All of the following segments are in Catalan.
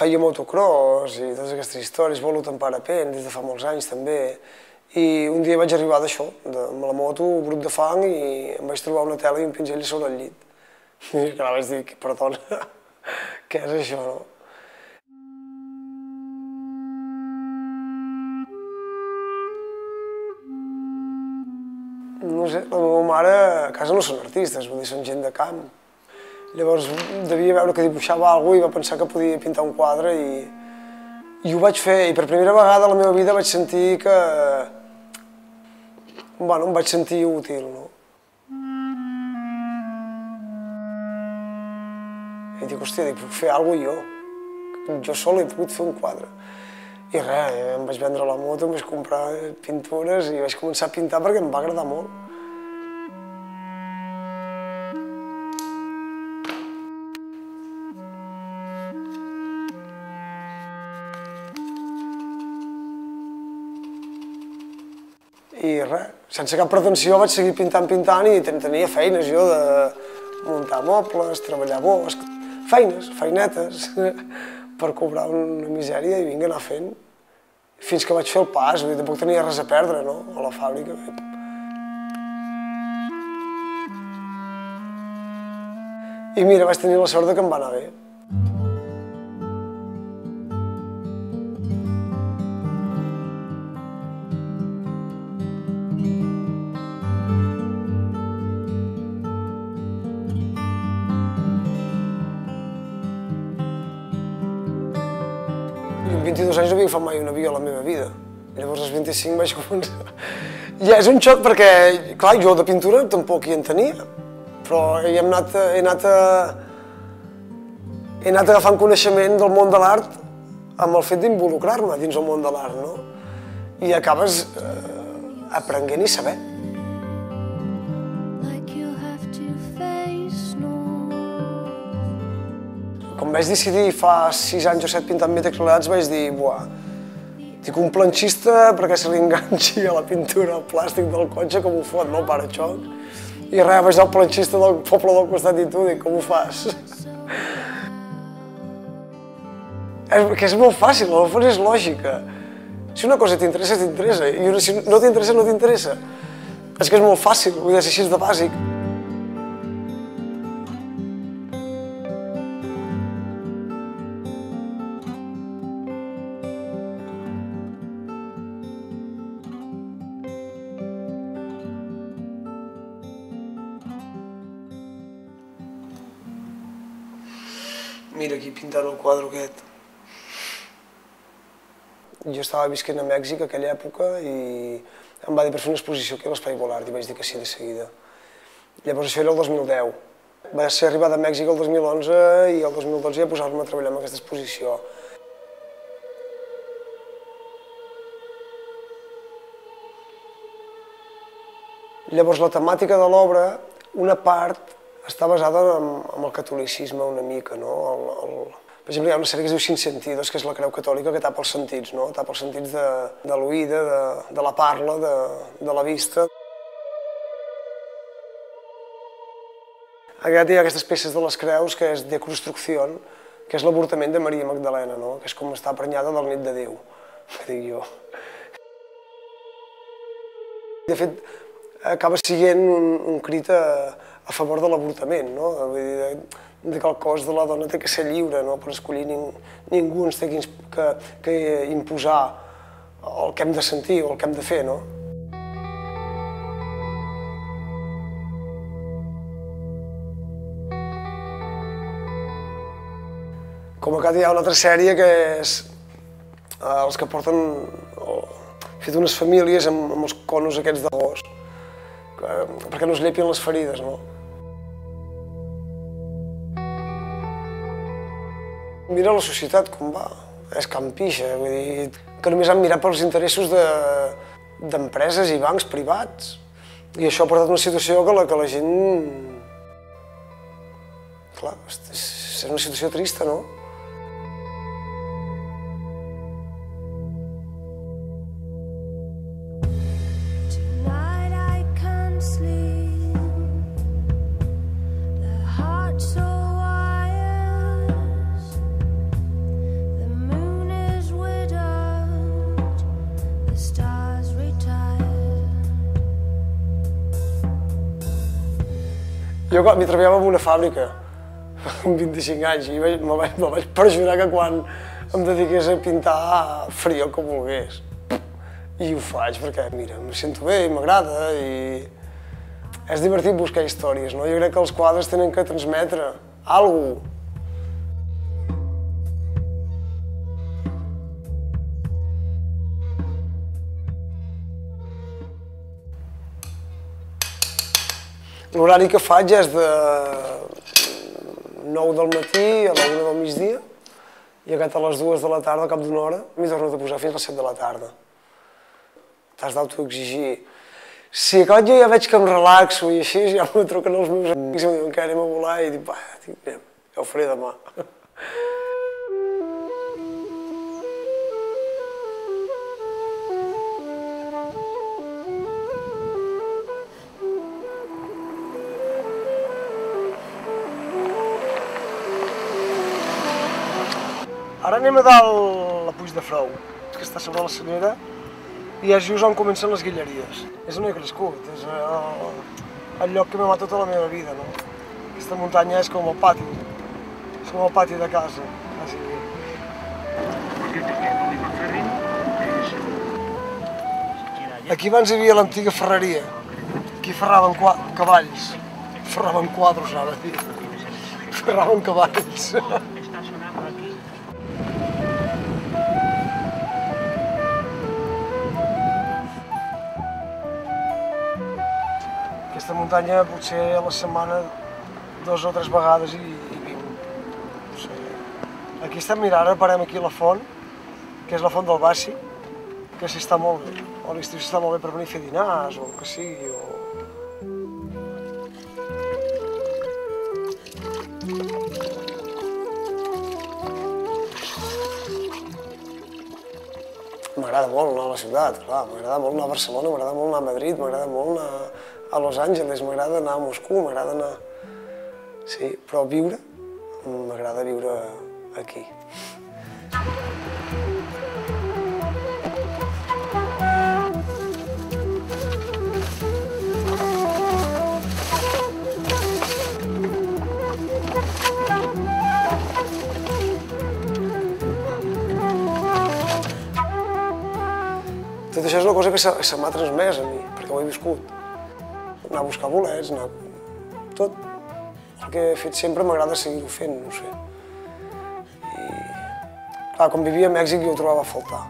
feia motocross i totes aquestes històries, volo en parapent des de fa molts anys també. I un dia vaig arribar d'això, amb la moto, un grup de fang, i em vaig trobar una tela i un pinzell sobre el llit. I clar, vaig dir, perdona, què és això, no? No sé, la meva mare a casa no són artistes, vull dir, són gent de camp. Llavors devia veure que dibuixava alguna i va pensar que podia pintar un quadre i, i ho vaig fer. I per primera vegada a la meva vida vaig sentir que... Bueno, em vaig sentir útil, no? I dic, hòstia, dic, puc fer alguna jo. Jo sol he pogut fer un quadre. I res, em vaig vendre la moto, em vaig comprar pintures i vaig començar a pintar perquè em va agradar molt. i res, sense cap pretensió vaig seguir pintant, pintant i tenia feines jo de muntar mobles, treballar bosc, feines, feinetes, per cobrar una misèria i vinga anar fent. Fins que vaig fer el pas, vull dir, tampoc tenia res a perdre, no?, a la fàbrica. I mira, vaig tenir la sort de que em va anar bé. 22 anys no havia agafat mai un avió a la meva vida. Llavors, als 25 vaig començar... Ja és un xoc perquè, clar, jo de pintura tampoc hi en tenia, però he anat, he anat, a, he anat agafant coneixement del món de l'art amb el fet d'involucrar-me dins el món de l'art, no? I acabes eh, aprenent i sabent. Quan vaig decidir fa 6 anys o 7 pintant mitexolats, vaig dir, buah, tinc un planxista perquè se li enganxi a la pintura al plàstic del cotxe com ho fot, no, pare xoc? I res, vaig al planxista del poble del costat i tu, dic, com ho fas? és, que és molt fàcil, a fons és lògica. Si una cosa t'interessa, t'interessa, i una, si no t'interessa, no t'interessa. És que és molt fàcil, vull dir, així de bàsic. mira aquí pintant el quadre aquest. Jo estava visquent a Mèxic aquella època i em va dir per fer una exposició aquí a l'Espai Volart i vaig dir que sí de seguida. Llavors això era el 2010. Va ser arribada a Mèxic el 2011 i el 2012 ja posar-me a treballar en aquesta exposició. Llavors la temàtica de l'obra, una part està basada en, en el catolicisme una mica, no? El, el... Per exemple, hi ha una sèrie que es diu Sin Sentidos, que és la creu catòlica que tapa els sentits, no? Tapa els sentits de, de l'oïda, de, de la parla, de, de la vista. Aquí hi ha aquestes peces de les creus, que és de construcció, que és l'avortament de Maria Magdalena, no? que és com està prenyada del nit de Déu, que dic jo. De fet, acaba sent un, un crit a, a favor de l'avortament, no? Vull dir, de que el cos de la dona té que ser lliure, no per escollir ning ningú ens té que, que, que imposar el que hem de sentir o el que hem de fer, no? Com a hi ha una altra sèrie que és eh, els que porten... Oh, fet unes famílies amb, amb els conos aquests de gos perquè no es llepin les ferides, no? Mira la societat com va, és campixa, vull dir, que només han mirat pels interessos d'empreses de, i bancs privats. I això ha portat una situació que la, que la gent... Clar, és una situació trista, no? Jo m'hi treballava en una fàbrica, amb 25 anys, i me, vaig, me vaig perjurar que quan em dediqués a pintar faria el que volgués. I ho faig perquè, mira, em sento bé i m'agrada i... És divertit buscar històries, no? Jo crec que els quadres tenen que transmetre alguna L'horari que faig és de 9 del matí a la 1 del migdia i acabat a les 2 de la tarda, al cap d'una hora, m'he tornat a posar fins a les 7 de la tarda. T'has d'autoexigir. Si cop jo ja veig que em relaxo i així, ja me truquen els meus amics i em diuen que anem a volar i dic, va, ja ho faré demà. Ara anem a dalt la Puig de Frou, que està sobre la senyera, i és just on comencen les guilleries. És on he crescut, és el, eh, el lloc que m'ha amat tota la meva vida. No? Aquesta muntanya és com el pati, és com el pati de casa. Així que... Aquí abans hi havia l'antiga ferreria, aquí ferraven cavalls, ferraven quadros, ara, ferraven cavalls. aquesta muntanya potser a la setmana dos o tres vegades i, i vinc. No sé. Aquí estem, mirant, ara parem aquí la font, que és la font del Bassi, que si està molt bé. O l'estiu s'està molt bé per venir a fer dinars o el que sigui, o... M'agrada molt anar a la ciutat, clar, m'agrada molt anar a Barcelona, m'agrada molt anar a Madrid, m'agrada molt anar a Los Angeles, m'agrada anar a Moscou, m'agrada anar... Sí, però viure, m'agrada viure aquí. Tot això és una cosa que se m'ha transmès a mi, perquè ho he viscut anar a buscar bolets, anar... tot el que he fet sempre m'agrada seguir-ho fent, no sé. I, clar, quan vivia a Mèxic jo ho trobava a faltar.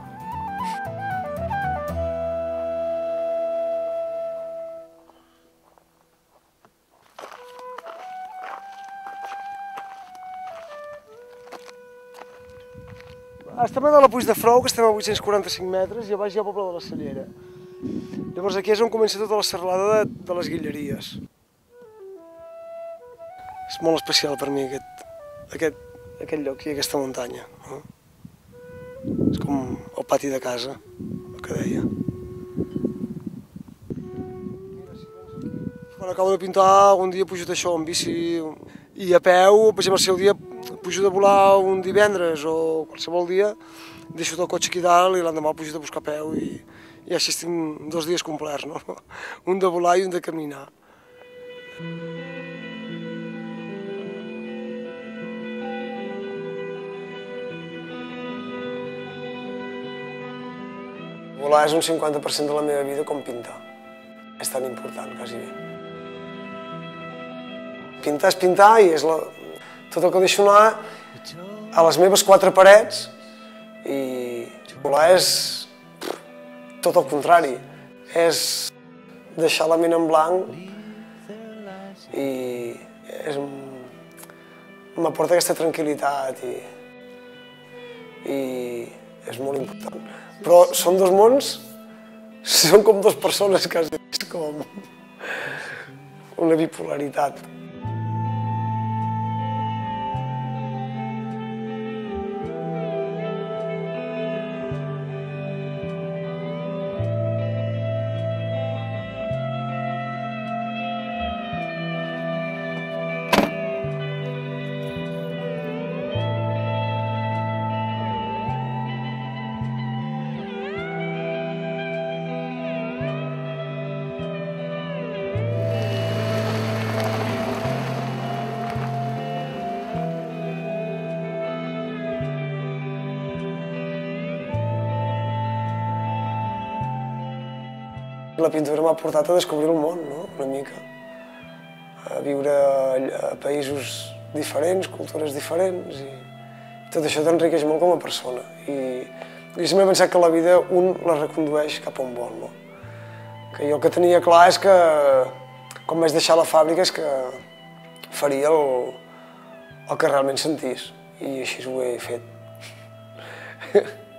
Estem a la Puig de Frou, que estem a 845 metres, i a baix hi ha el poble de la Cellera. Llavors aquí és on comença tota la serralada de, de les Guilleries. És molt especial per mi aquest, aquest, aquest lloc i aquesta muntanya. No? És com el pati de casa, el que deia. Quan acabo de pintar, un dia pujo d'això amb bici i a peu, per exemple, si el dia pujo de volar un divendres o qualsevol dia, deixo el cotxe aquí dalt i l'endemà pujo de buscar a peu i, i així tinc dos dies complerts, no? un de volar i un de caminar. Volar és un 50% de la meva vida com pintar. És tan important, quasi bé. Pintar és pintar i és la... tot el que deixo anar a les meves quatre parets i volar és tot el contrari, és deixar la ment en blanc i és... m'aporta aquesta tranquil·litat i, i és molt important. Però són dos mons, són com dues persones quasi, és com una bipolaritat. la pintura m'ha portat a descobrir el món, no? una mica. A viure a països diferents, cultures diferents, i tot això t'enriqueix molt com a persona. I, i sempre he pensat que la vida un la recondueix cap on vol. No? Que jo el que tenia clar és que, quan vaig deixar la fàbrica, és que faria el, el que realment sentís. I així ho he fet.